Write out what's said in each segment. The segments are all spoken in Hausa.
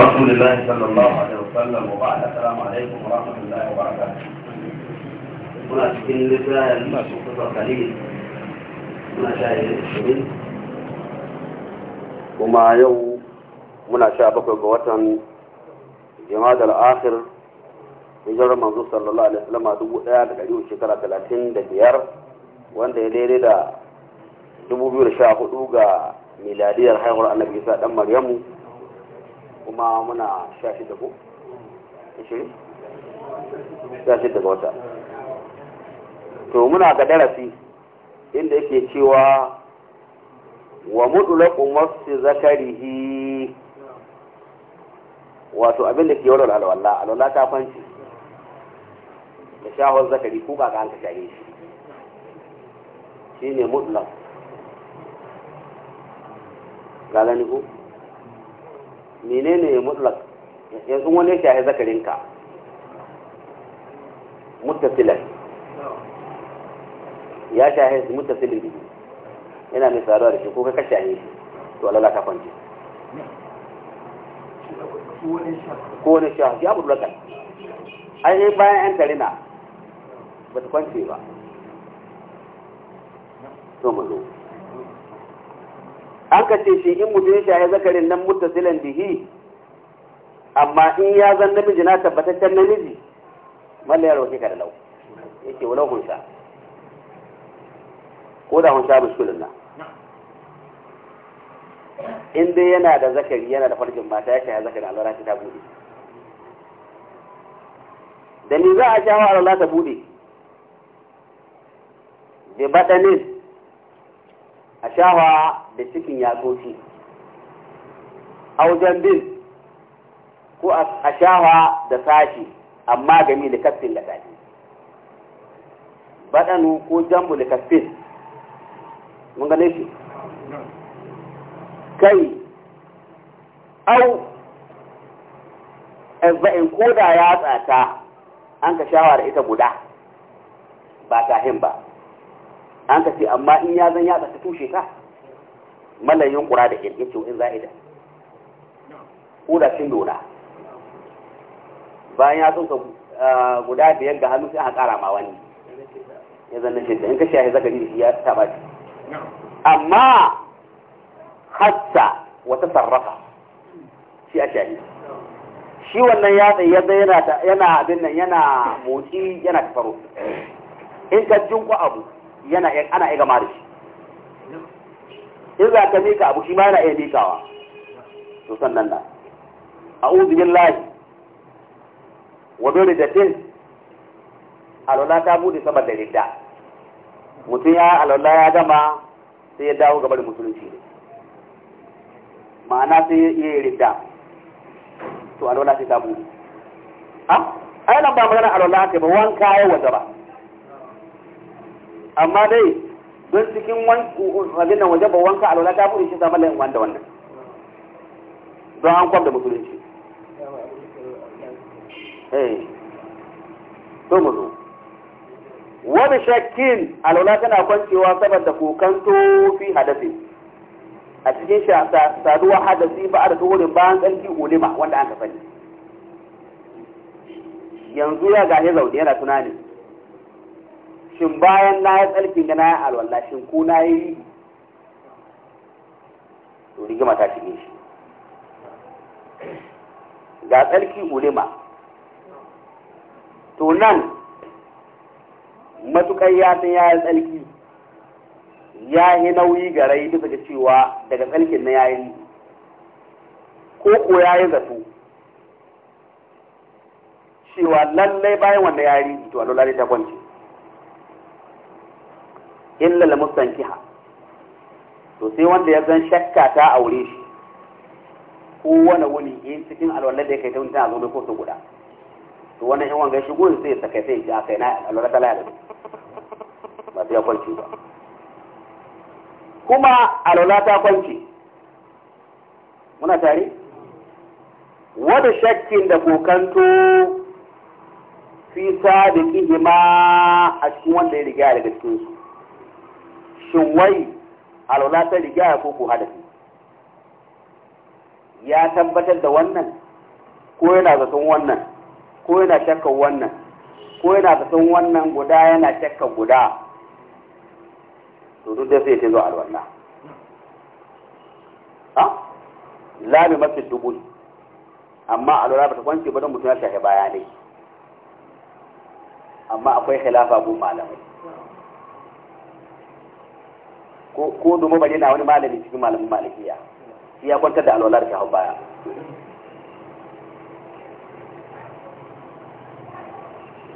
رسول الله صلى الله عليه وسلم وبعد السلام عليكم الله وبركاته هنا قليل هنا شاهد وما يوم muna sha bakwai ga watan jimadar akhir hijirar manzo sallallahu alaihi wasallam dubu daya da dari shekara talatin da biyar wanda ya daidai da dubu biyu da sha hudu ga miladiyar haihuwar annabi isa dan maryamu kuma muna shashi da ko? ishirin? da shida wata to muna ga darasi inda yake cewa wa mutulaku Zakari zakarihi wato abinda ke yawar alwala alwala ta fanci da shahon zakari ko ba ka an ka shi shi ne mutulaku galani ko? menene mutlak yanzu wani ya shahi zakarinka muttasilan ya shahi mutasilin biyu yana mai saruwa da shi ko ka shahi to alala ka kwanci ko wani shahi ya budu lakan ainihin bayan yan tarina ba ta kwanci ba to mazo an ka ce shi in mutum ya shaye zakarin nan muttasilan bihi amma in ya zan namiji na tabbataccen namiji malla ya rauke ka da lau yake walau kun ko da kun sha mushkulin nan in dai yana da zakari yana da farkin mata ya zakari zakarin alwala ta bude da ni za a shawo alwala ta bude bi baɗanin a shawa da cikin a wajen bin ko a shawa da sashi amma gami da kafin lakafi baɗanu ko jambu da kafin mun gane shi kai au in koda ya tsata an ka shawara ita guda ba hin ba an ka ce amma in ya zan ya ta tushe ta malayin ƙura da ƙirƙir ce in za'ida da shi lura bayan ya tsoka guda biyar ga hannu sai an ƙara ma wani ya zan nashe ta in ka shahi zakari shi ya taɓa shi amma hatta wata sarrafa shi a shahi shi wannan yatsa ya yana abin nan yana motsi yana tafaro in ka jinku abu yana ana iya gama da shi in za ka mika abu shi ma yana iya mikawa to sannan na a'udhu billahi wa da tin alwala ta bude saboda ridda mutum ya alwala ya gama sai ya dawo gaba da musulunci ne ma'ana sai ya yi ridda to alwala sai ta bude a ah, ai nan ba magana alwala ta ba wanka ya waje ba amma dai don cikin wajen na waje ba wanka alwala ta fi shi zama layin wanda wannan don an kwamda musulunci eh to mu zo wani shakkin alwala tana kwancewa saboda kukan tofi hadasi a cikin saduwa hadasi ba a da tuhurin an tsarki ulima wanda an ka sani yanzu ya gahe zaune yana tunani shin bayan na yi tsarkin ga na yi alwallah shin ku na yi to rigima ta shige shi ga tsarki ulima to nan matukar ya san ya yi tsarki ya yi nauyi ga rai bisa ga cewa daga tsarkin na ya yi ko ko ya yi zato cewa lallai bayan wanda ya yi to a lullari ta kwanci illa la mustankiha to sai wanda ya zan shakka ta aure shi ko wani wuni in cikin alwala da ya kai ta wani tana zo ko su guda to wannan yan wanga shi gurin sai ya saka sai ya a kai na alwala ta laya ba sai ya kwanci ba kuma alwala ta kwanci muna tare wada shakkin da kokanto fi sadiqihima a cikin wanda ya riga daga cikin su shin wai alwala ta riga ya koko hadafi ya tabbatar da wannan ko yana zaton wannan ko yana shakkan wannan ko yana zaton wannan guda yana shakkan guda to duk da sai ta zo alwala ha la bi masjid dubul amma alwala ba ta kwance ba don mutum ya shahe bayanai amma akwai khilafa gun malamai ko domin bane na wani malami cikin malamin malikiya shi ya kwantar da alwala da shahon baya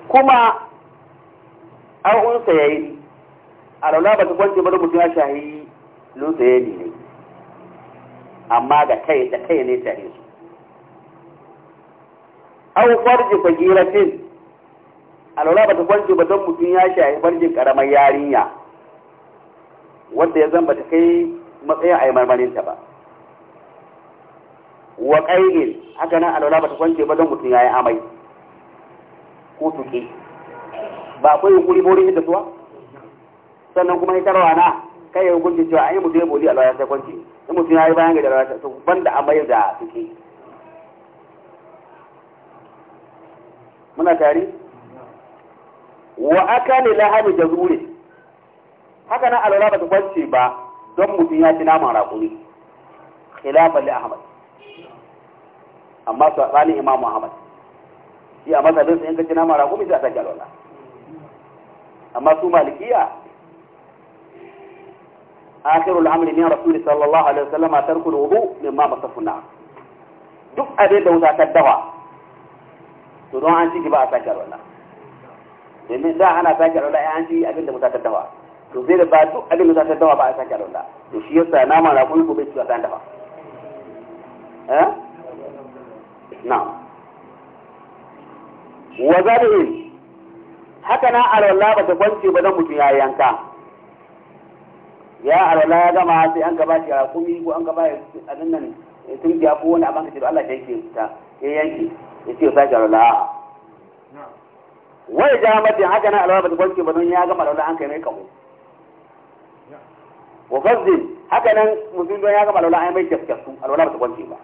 kuma an unsa ya yi alwala ba ta kwanci ba da mutum ya shahi lunsa ya yi ne amma ga kai da kai ne shahi su an farji fagiratin alwala ba ta kwanci ba don mutum ya shahi farjin karamar yarinya wanda ya zamba ta kai matsayin a yi marmarinta ba wa ƙailin haka nan alwala ba ta kwance ba don mutum ya yi amai ko tuke ba akwai hukuri ba wurin hidda suwa sannan kuma hitarwa na kai ya hukunci cewa an yi mutum ya boli alwala ta kwance in mutum ya yi bayan ga alwala ta banda amai da tuke muna tari wa aka ne lahani da zurin haka nan alwala ba ta kwance ba don mutum ya ci naman raƙumi khilafan li ahmad amma tsanin imam ahmad shi a mazhabin sa in ka ci naman raƙumi sai a sake alwala amma su malikiya akhirul amri min rasul sallallahu alaihi wasallam tarkul wudu min mimma masafuna duk abin da wuta ta dawa to don an ci ba a sake alwala domin da ana sake alwala an ci abin da wuta ta dawa to zai da ba duk abin da ta dawa ba a sake alwala to shi yasa nama na kuma bai ciwa san dafa eh na wa zabi haka na alwala ba ta kwance ba dan mutum ya yanka ya alwala ya gama sai an gaba shi a kumi ko an gaba a nan nan eh, tun biya ko wani abin da ce Allah yake ta ya yanki ya ce sake alwala wai ja mace haka na alwala ba ta kwance ba dan ya gama alwala an kai mai kamo wa fazzin haka nan mutum don ya gama alwala an mai kyafkyasu alwala ba ta kwance ba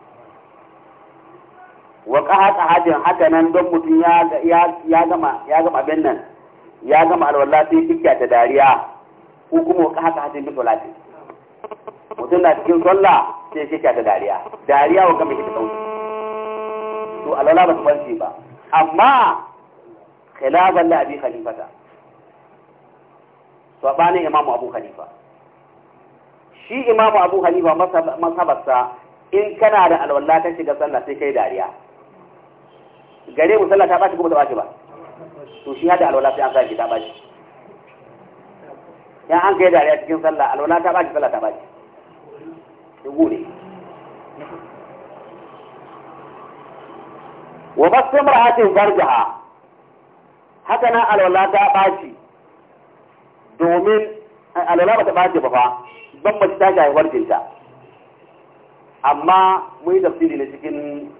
wa qaha qahajin haka nan don mutum ya ya gama ya gama abin nan ya gama alwala sai kikkiya ta dariya ko kuma wa qaha qahajin bi salati mutum na cikin sallah sai kikkiya ta dariya dariya wa gama kike sauki to alwala ba ta kwance ba amma khilafan la abi khalifata sabanin imamu abu khalifa shi imamu abu halifa masabarsa in kana da alwala ta shiga sallah sai kai dariya gare mu sallah ta bashi kuma ta bashi ba to shi hada alwala sai an sake ta bashi ya an kai dariya cikin sallah alwala ta bashi sallah ta bashi ya ne wa basu mar'atin farjaha haka na alwala ta bashi domin alwala ba ta ɓace ba fa ban mace ta shafi farjinta amma mun yi tafsiri na cikin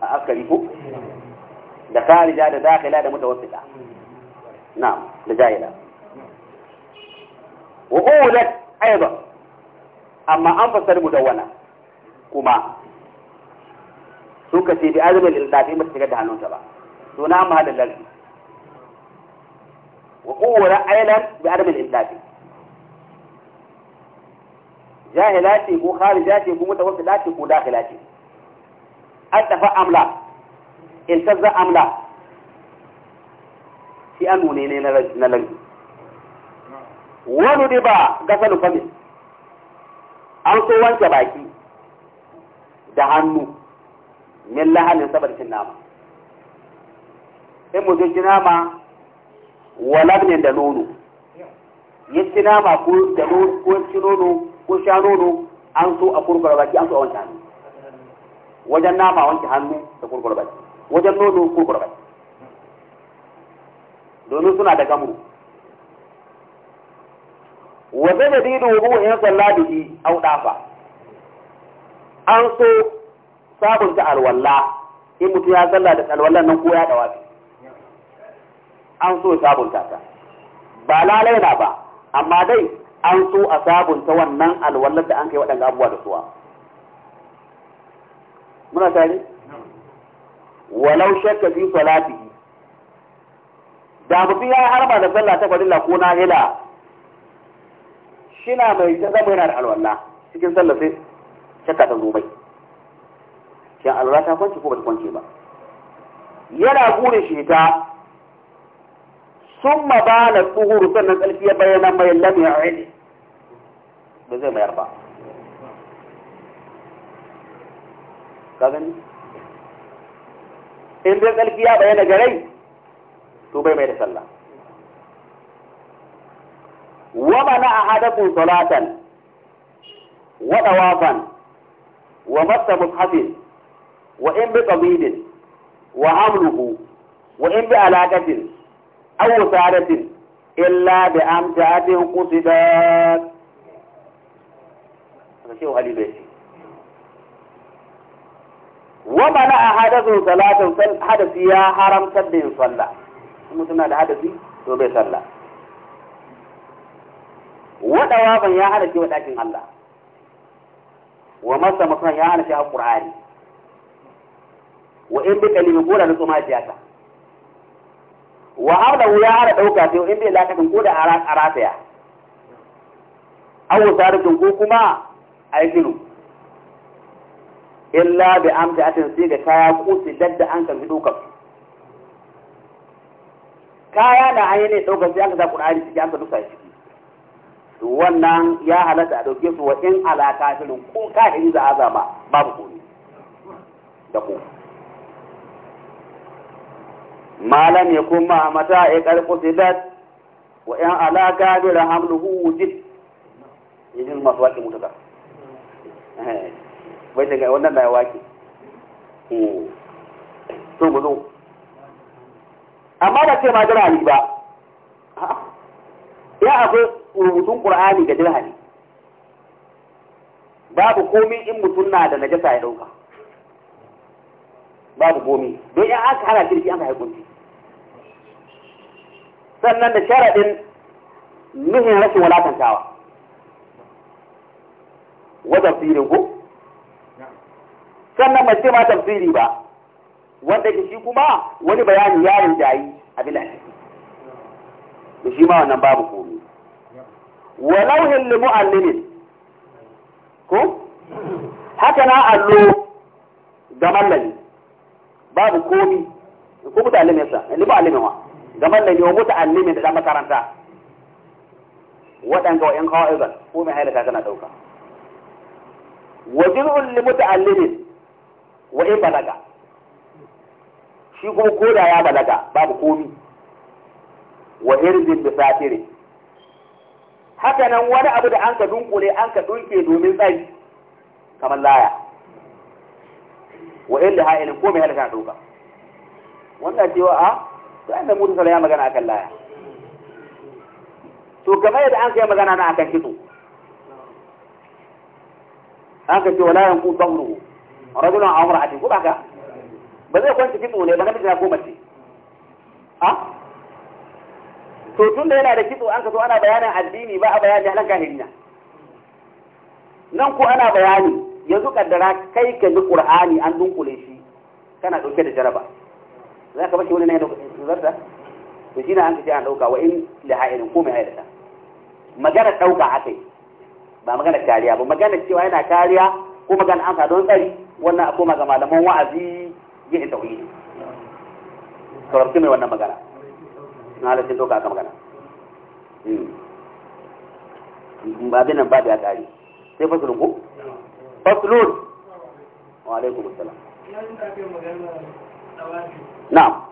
askari ko da karija da dakila da mutawassita na'am da jahila wa ulat aidan amma an fasar mu da mudawwana kuma suka ce bi azumin lillafi mata shiga da hannunta ba suna mahallin lalbi wa kowane ailan bi adamin lillafi jahilati ko kharijati ko mutawassilati ko dakhilati ce an tafa amla in tazza amla shi an nune ne na langi wani ba gasalu famin an so wanke baki da hannu min lahanin cin nama in mutum ci nama walabnin da nono yin cin nama ko da nono ko sha nono an so a kurkura baki an so a wanke hannu wajen nama wanke hannu da kurkura baki wajen nono kurkura baki domin suna da gamu wajen da da dido ruhu ya salla da shi au dafa an so sabunta alwala in mutum ya salla da alwallan nan ko ya dawa an so sabunta ta ba lalai na ba amma dai an so a sabunta wannan alwallar da an kai waɗanda abubuwa da suwa muna tare walau shakka fi salatihi da mutum ya harba da sallah ta fadilla ko na hila shina mai ta zama yana da alwala cikin sallah sai shakka ta zubai. shin alwala ta kwanci ko ba ta kwanci ba yana gure shi ta ثم بان الطهور سنة الفية بين ما لم يعد بزي ما يرضى كذا إن بيت الفية بين جري توبة ما يرسل ومنع أحدكم صلاة وطوافا ومس مصحف وإن بقبيل وعمله وإن بعلاقة aw wasaratin illa bi amjadin qusidat kace wa ali bai wa mana ahadathu salatu hadasi ya haramta da yin sallah mutum na da hadasi to bai sallah wadawa ban ya hada wa dakin Allah wa masa mutum ya hana shi alqur'ani wa in bi kalimi gura da tsoma jiyata wa hawla ya ara dauka sai inda ya ta ko da ara ya aw saratun ko kuma ayyinu illa bi amta atin sai ga kaya su dadda an kan dauka kaya da ayi ne dauka sai aka sa qur'ani ciki aka duka shi wannan ya halatta a dauke su wa in ala kafirin ko kafirin za a zama babu komai da komai malam ya kuma mata ya karfi sidat wa yan alaka bi rahamluhu wujid idan masu waki mutuka bai eh, daga wannan da ya waki, hmm. to mu zo amma ba ce ma dirhami ba ya akwai rubutun qur'ani ga dirhami babu komi in mutum na da najasa ya dauka babu komi don in aka hana kirki an ka haikunci sannan da sharaɗin nihin rashin wulakantawa wa tafsirin ku sannan mace ma tafsiri ba wanda ke shi kuma wani bayani ya rinjayi abin da da shi ma wannan babu komi wa lauhin li ko haka na allo ga mallami babu komi ko mutalimin sa li mu'allimin wa ga mallami wa muta'allimin da dan makaranta waɗanga wa'in kawa'izan ko mai halaka kana ɗauka wa jir'un li muta'allimin wa in balaga shi kuma koda ya balaga babu komi wa irin bi satiri haka nan wani abu da an ka dunkule an ka dunke domin tsari kamar laya wa in da ha'ilin ko mai halaka ɗauka wannan cewa a ah, to mutu Musa ya magana akan laya to kamar da an kai magana na akan kitso an ka ce wala yanku dawru rajulun amra ati ko baka ba zai kwanci kitso ne ba namiji na ko mace a to tun da yana da kitso an ka ana bayanin addini ba a bayani halan kahirina nan ko ana bayani yanzu kaddara kai ka ji qur'ani an dunkule shi kana dauke da jaraba za ka bashi wani na lokacin zarta to shi na hankali an dauka wa in da ha'ilin ko mai hailata magana dauka akai ba magana kariya ba magana cewa yana kariya ko magana an don tsari wannan a koma ga malaman wa'azi yin ne sarrafi mai wannan magana na halittar dauka aka magana hmm. abin nan babu ya kari sai fasulun ku fasulun wa alaikum assalam na'am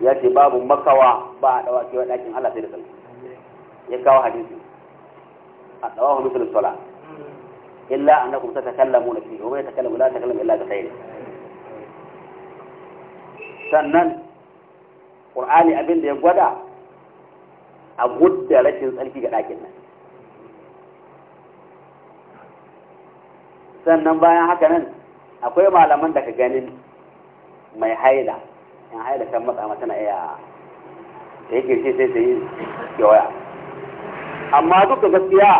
ya ce babu makawa ba a dawa kewa ɗakin Allah sai da sallah ya kawo hadisi a dawa hu misalin sala illa annakum tatakallamu na fihi wa man takallamu la yatakallamu illa bi khair sannan qur'ani abin da ya gwada a gudda rashin tsarki ga ɗakin nan sannan bayan haka nan akwai malaman da ka ganin mai haila in haida kan matsa mata na iya ta yi girki sai ta yi kewaya amma duk da gaskiya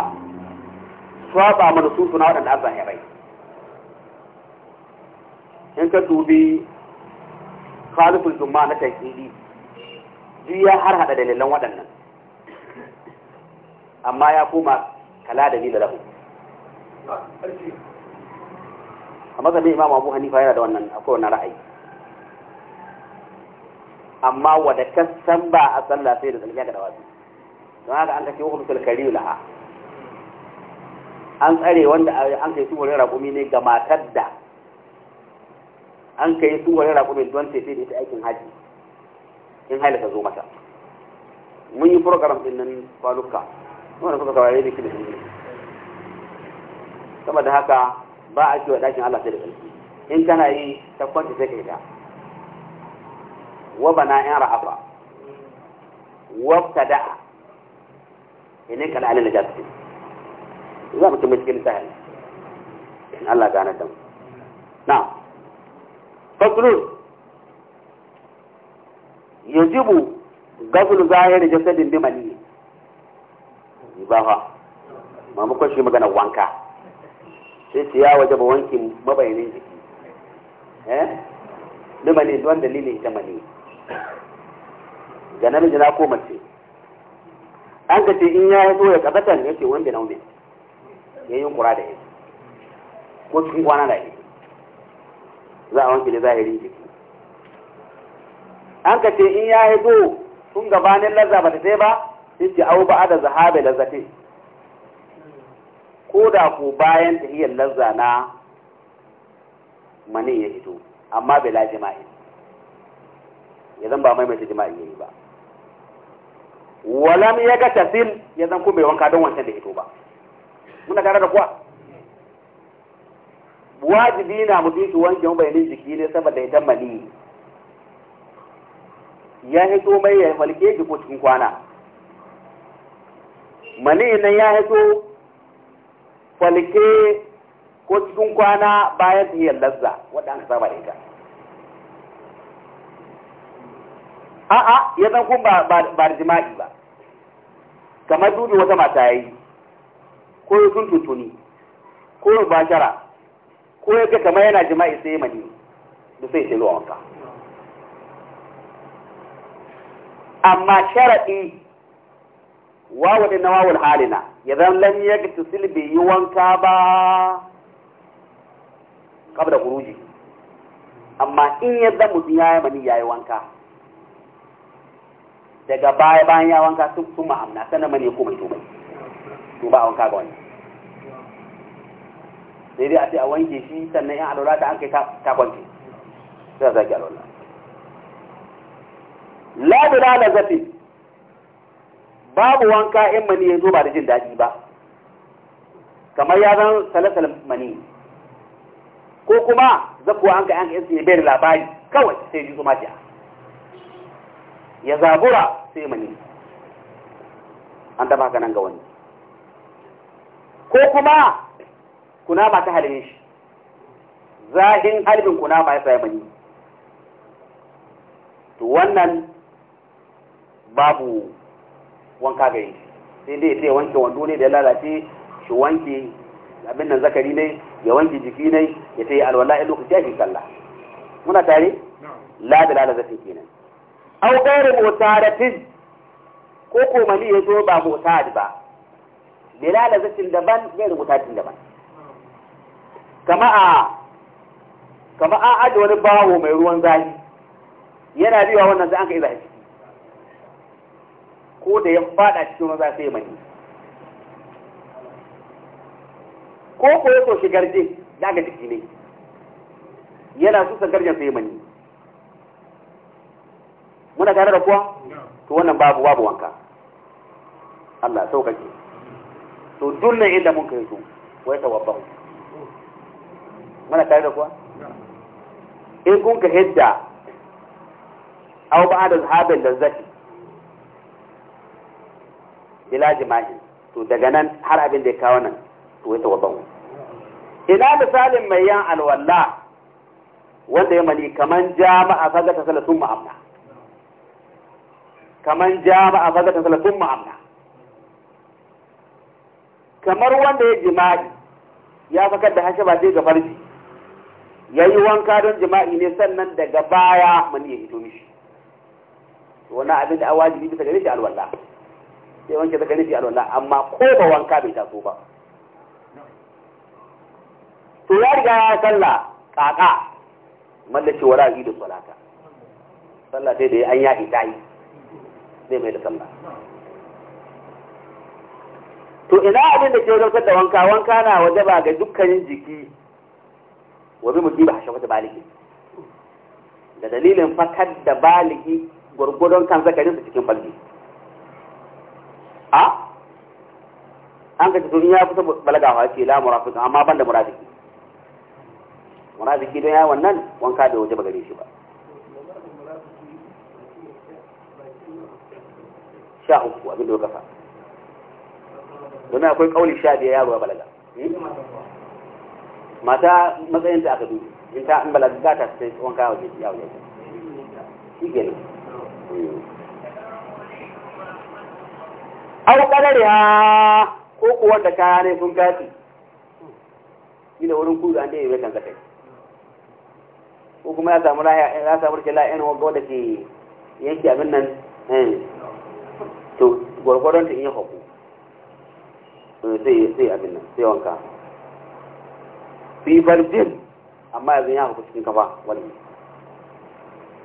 swaba mana su suna waɗanda an zahirai in ka dubi khalifin juma na tahili duk ya har hada dalilan waɗannan amma ya koma kala da ni da rahu a matsayin imam abu hanifa yana da wannan akwai wannan ra'ayi amma wadda ka san ba a sallah sai da tsarki ga da don haka an kace hukumtul kariyu laha an tsare wanda an kai suwarin rakumi ne ga matar da an kai suwarin rakumi don tafi da ita aikin haji in haila ta zo mata mun yi program din nan kwaluka wanda suka kawai da shi da shi saboda haka ba a ciwa dakin Allah sai da ƙarfi in kana yi ta kwanci sai ka yi ta wa bana in ra'aba wa tada inin kala alal najasi za mu kuma cikin sahal in Allah gane da mu na fasulun yajibu gazul zahiri jasadin bimani ba fa mamakon shi magana wanka sai su ya waje wankin mabayanin jiki eh limani don dalilin ita mani ga namiji na ko mace an ka ce in ya so ya kabatan ya ce wanda naume ya yi kura da yake ko cikin kwana da yake za a wanke da zahirin jiki an ka ce in ya yi zo sun gabanin lazza ba ta sai ba in ce au ba da zahabe lazzafe ko da ku bayan tahiyar lazza na mani ya hito amma bai la jima'i ya zan ba maimaita jima'i yi ba walam ya ga tasil ya zan kuma wanka don wancan da hito ba muna gara da kuwa wajibi na mutum wanke wankin bayanin jiki ne saboda idan mali ya hito mai ya falke shi ko cikin kwana mali nan ya hito falke ko cikin kwana bayan ya lazza wadda an saba da ita a'a ya zan kun ba ba da jima'i ba kamar dudu wata mata yayi ko ya sun tuntuni ko ya bashara ko ya ga kamar yana jima'i sai mani da sai shi zuwa wanka amma sharaɗi wawo da nawawul halina ya zan lam ya ga tusil bai yi wanka ba kabda kuruji amma in ya zan mutum ya yi mani ya yi wanka daga baya bayan ya wanka sun sun ma'amna sannan mani ya komai tuba tuba ba wanka ga wani sai dai a ce a wanke shi sannan yan alwala da an kai ta kwanke sai a zaki alwala labira da zafi babu wanka in mani ya zo ba da jin daɗi ba kamar ya zan salasal mani ko kuma zakuwa an ka an yansu ya bayar labari kawai sai ji zuma jiya ya zabura sai mani an taba haka nan ga wani ko kuma kunama ta halin shi zahin halin kunama ya sai mani to wannan babu wanka gari sai dai sai wanke wando ne da ya lalace shi wanke abin nan zakari ne ya wanke jiki ne ya sai alwala a lokaci ya fi sallah muna tare la da lalata kenan au ƙarin motaratin ko ko mani ya zo ba motar ba bila da daban ne da mutatin daban kama a kama wani bawo mai ruwan zafi yana biya wannan sai an ka iza ciki ko da ya fada cikin ruwan zafi sai mani ko ko ya so shigar ya ga ciki ne yana so san garjan sai mani muna tare da kuwa to wannan babu babu wanka Allah sauƙaƙe to dunnan inda mun kai su wai tawabba muna tare da kuwa in kun ka hidda aw da al-habil zaki bila jima'i to daga nan har abin da ya kawo nan to wai tawabba ina misalin mai yan alwala wanda ya mani kaman jama'a fagata sala sun ma'amna kaman jama'a fazatan sala salafin ma'amna kamar wanda ya jima'i ya fakar da hashe ba sai ga farji ya yi wanka don jima'i ne sannan daga baya mani ya hito mishi wani abin da awaji bisa gare shi alwallah sai wanke ta nufi shi alwallah amma ko ba wanka bai taso ba to ya riga ya sallah kaka mallace wara da salata sallah sai da an ya ita yi zai mai da sallah to ina abin da ke wajen da wanka wanka na waje ba ga dukkanin jiki wa bi mutum ba hashe wata baliki da dalilin fakar da baliki gwargwadon kan zakarin su cikin balgi a an ka tuni ya kusa balagawa ce la murafiqan amma ban da murafiki murafiki don ya wannan wanka da waje ba gare shi ba sha uku abin da kafa domin akwai kauli sha biyar yaro ya balaga hmm? mata matsayin ta aka dubi in ta an balaga ta sai tsohon kawo ke yawo ya shi gani hmm. au kadari ha ko kuwa da kaya ne sun gafi ina wurin kudu an da yi kan kasai ko kuma ya samu lahiya ya samu rikin lahiya ne wanda ke yanki abin nan eh, to gwargwaron ta in ya haku sai eh, abin nan sai wanka fi farjin amma yanzu ya haku cikin kafa wani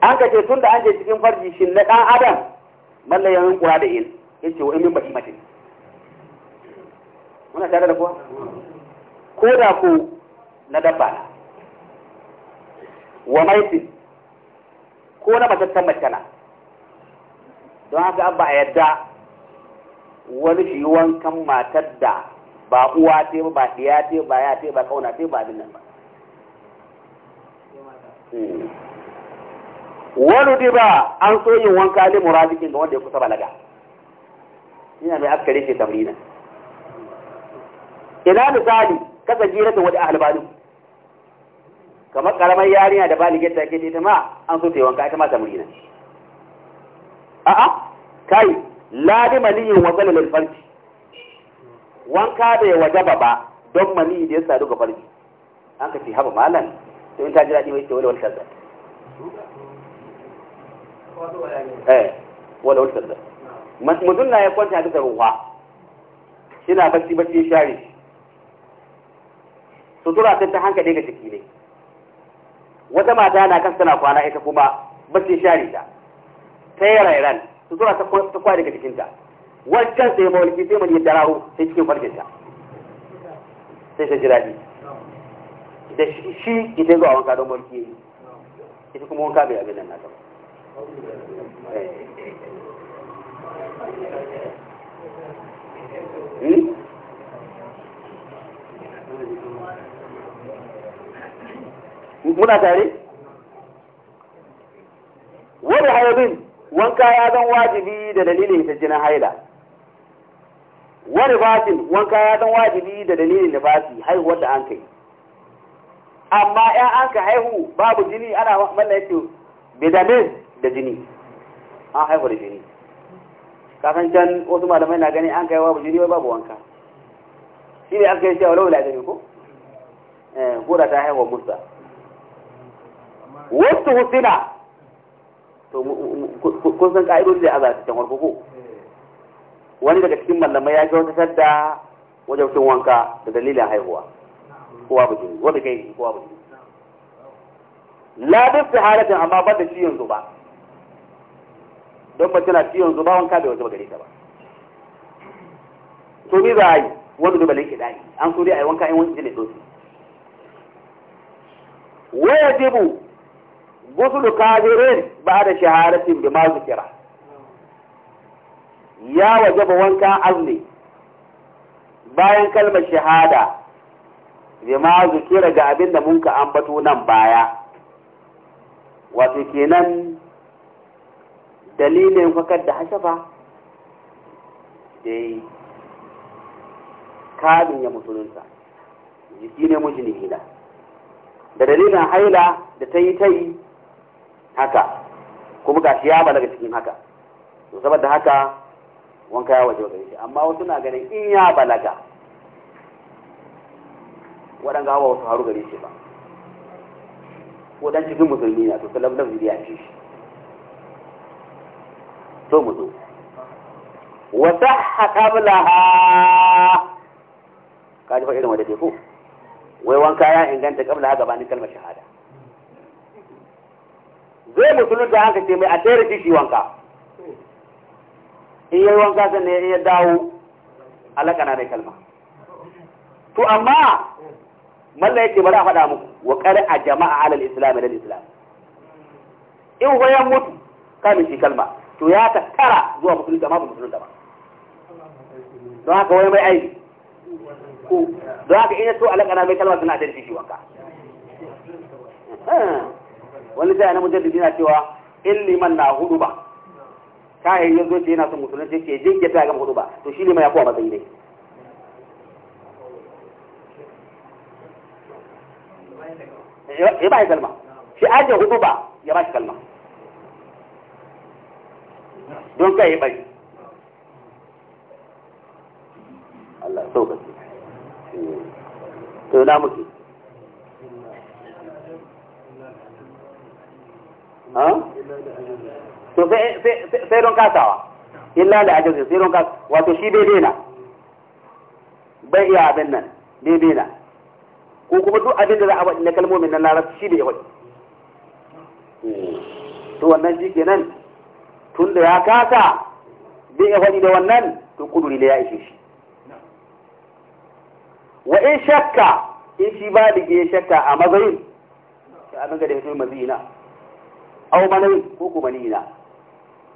an ka ce tun da an je cikin farji shi na ɗan adam malla ya kura da yin ya ce wa imin baɗi mace muna tare da kuwa ko da ku na dabba na wa maitin ko na matattan mace na don haka ba yadda wani shi wankan matar da ba uwa te ba ɗiya te ba ya te ba kauna te ba abin nan ba hmm. wani di ba an so yin wanka ne murabikin ga wanda ya kusa balaga ina mai askare ce tamrina ina misali jira da wani ahalbalu kamar karamar yarinya da baligin ta ke ta ma an so ta yi wanka ita ma tamrina a'a kai ladi maniyin wanzala lil farji wanka bai wajaba ba don mani da ya sadu ga farji an ka ce haba malam to in ta ji daɗi mai ce wala wal kaza eh wala wal mutum na ya kwanta bisa ruwa yana bacci bacci share sutura ta ta hankali ga ciki ne wata mata na kan tana kwana ita kuma bacci share ta ta yi rairan su zuwa ta kwa daga cikinta wancan sai mawalki sai mun yadda rahu sai cikin farkinta sai ta ji daɗi da shi ita zuwa wanka don mawalki ya yi ita kuma wanka bai abin nan nata ba eh. hmm? muna tare wani hayabin wanka ya zan wajibi da dalilin ta jinin haila wani fasin wanka ya zan wajibi da dalilin da fasi haihuwar da an kai amma ya an ka haihu babu jini ana ce bidamin da jini an haihu da jini kafin can wasu malamai na gani an kai babu jini wai babu wanka shi ne an kai cewa laula gani ko eh gora ta haihuwa musa wasu hutuna to kun san ka'idodi da azar can warko ko wani daga cikin mallamai ya ga wata shadda wajen cin wanka da dalilin haihuwa kowa ba jini kai kowa ba labis da halatin amma ba da ciwon zuba don mace na yanzu zuba wanka bai wata ba gare ta ba to ni za a yi wani duba linki yi an so dai a yi wanka in wani jini dosi waya jibu gusulu kafirin ba da shaharatin bi ma zikira ya wajaba wanka azumi bayan kalmar shahada bi ma zikira ga abinda mun ka ambato nan baya wato kenan dalilin fakar da hashafa dai kamin ya musulunta jiki ne mujinihina da dalilin haila da ta yi ta yi haka kuma ga shi ya balaga cikin haka to saboda haka wanka ya waje wajen shi amma wasu na ganin in ya balaga waɗanda hawa wasu haru gare shi ba ko dan cikin musulmi na to salaf lafzi ya shi to mu zo wa sahha qablaha kaji fa irin wanda ke ko wai wanka ya inganta qablaha gabanin kalmar shahada zai musulunta haka ce mai a tare shi wanka in yi wanka sannan in ya dawo alaka na mai kalma to amma malla yake bari a faɗa muku wa kare a jama'a alal islam da islam in ko ya mutu kamin shi kalma to ya ta tara zuwa musulunta ma ba musulunta ba don haka wani mai aiki don haka in ya so alaka na mai kalma suna tare shi wanka wani sai na mujaddidi dina cewa in liman na hudu ba kayan ya zo yana son musulunci ke ta ga hudu ba to shi liman ya kowa matsayi ne ya ba shi kalma shi aje hudu ba ya ba shi kalma don kai ya bari Allah sauƙaƙi to na muke to sai don kasawa illa da ajiyar sai don kasawa wato shi daidai na bai iya abin nan daidai na ko kuma duk abin da za a waɗi na kalmomin na larabci shi da ya waɗi to wannan shi kenan tun da ya kasa bai ya faɗi da wannan to kuduri da ya ishe shi wa in shakka in shi ba da ke shakka a mazayin shi abin ga da ya fi mazina au manai ko ko mani na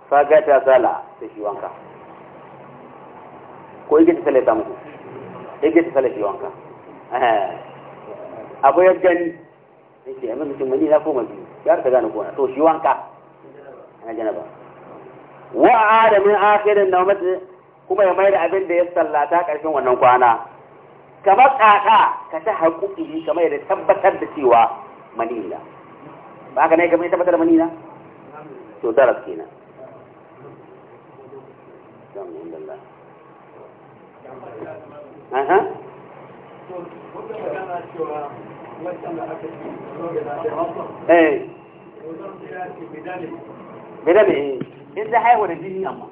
ta sala ta shi wanka ko yake ta sala ta muku yake ta sala shi wanka eh. abu ya gani yake amma mutum mani na ko mani ya ta gane ko na to shi wanka na janaba wa ada min akhirin nawmat kuma ya mai da abin da ya sallata karshen wannan kwana kamar kaka ka ta haƙuƙi kamar da tabbatar da cewa manila ba haka ne kamar ya tabbatar mani na to daras kenan Aha. Bidane. Eh. Eh, inda da jini amma.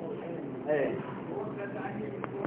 Eh.